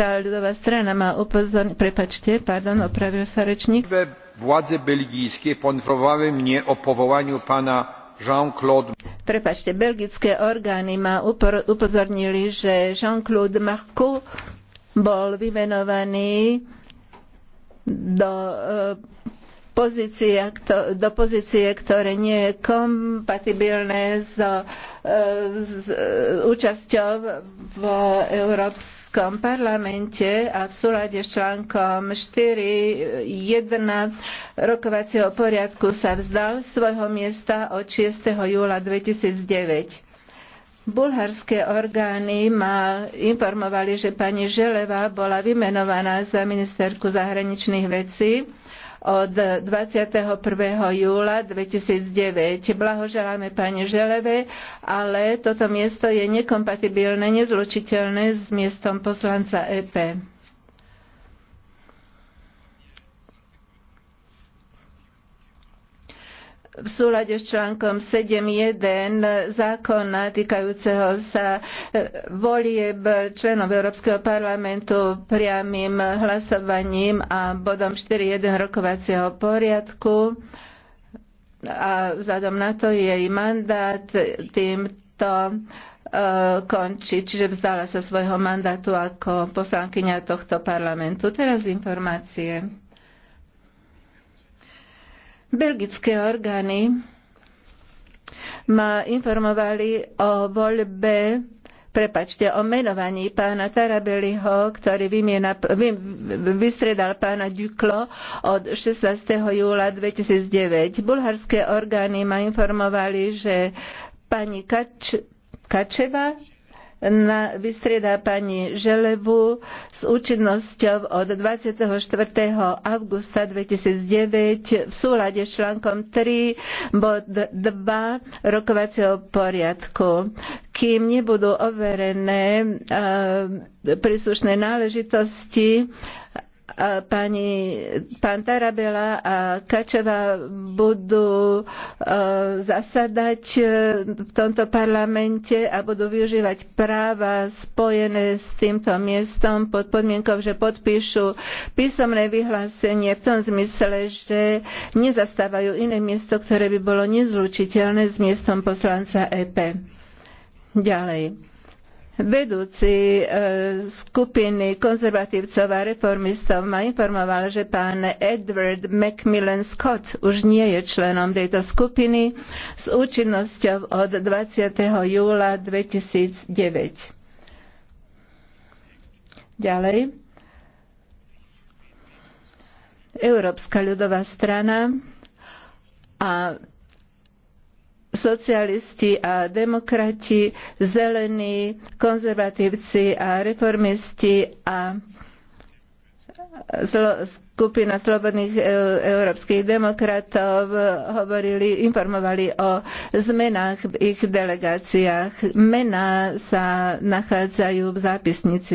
Belgická ľudová strana má upozorniť, prepačte, pardon, opravil sa rečník. Władze belgijskie poinformovali mnie o povolaniu pana Jean-Claude. Prepačte, belgické orgány ma upozornili, že Jean-Claude Marco bol vymenovaný do e, pozície, do pozície, ktoré nie je kompatibilné s, e, s e, účasťou v Európskom parlamente a v súlade s článkom 4.1 rokovacieho poriadku sa vzdal svojho miesta od 6. júla 2009. Bulharské orgány ma informovali, že pani Želeva bola vymenovaná za ministerku zahraničných vecí od 21. júla 2009. Blahoželáme pani Želeve, ale toto miesto je nekompatibilné, nezlučiteľné s miestom poslanca EP. v súlade s článkom 7.1 zákona týkajúceho sa e, volieb členov Európskeho parlamentu priamým hlasovaním a bodom 4.1 rokovacieho poriadku. A vzhľadom na to jej mandát týmto e, končí, čiže vzdala sa svojho mandátu ako poslankyňa tohto parlamentu. Teraz informácie. Belgické orgány ma informovali o voľbe prepačte, o menovaní pána Tarabeliho, ktorý vymiena, vy, vystredal pána Duklo od 16. júla 2009. Bulharské orgány ma informovali, že pani Kač, Kačeva na, vystriedá pani Želevu s účinnosťou od 24. augusta 2009 v súlade s článkom 3 bod 2 rokovacieho poriadku. Kým nebudú overené eh, príslušné náležitosti, pani, pán Tarabela a Kačeva budú e, zasadať e, v tomto parlamente a budú využívať práva spojené s týmto miestom pod podmienkou, že podpíšu písomné vyhlásenie v tom zmysle, že nezastávajú iné miesto, ktoré by bolo nezlučiteľné s miestom poslanca EP. Ďalej Vedúci e, skupiny konzervatívcov a reformistov ma informoval, že pán Edward Macmillan Scott už nie je členom tejto skupiny s účinnosťou od 20. júla 2009. Ďalej. Európska ľudová strana a socialisti a demokrati, zelení, konzervatívci a reformisti a skupina slobodných e, európskych demokratov hovorili, informovali o zmenách v ich delegáciách. Mená sa nachádzajú v zápisnici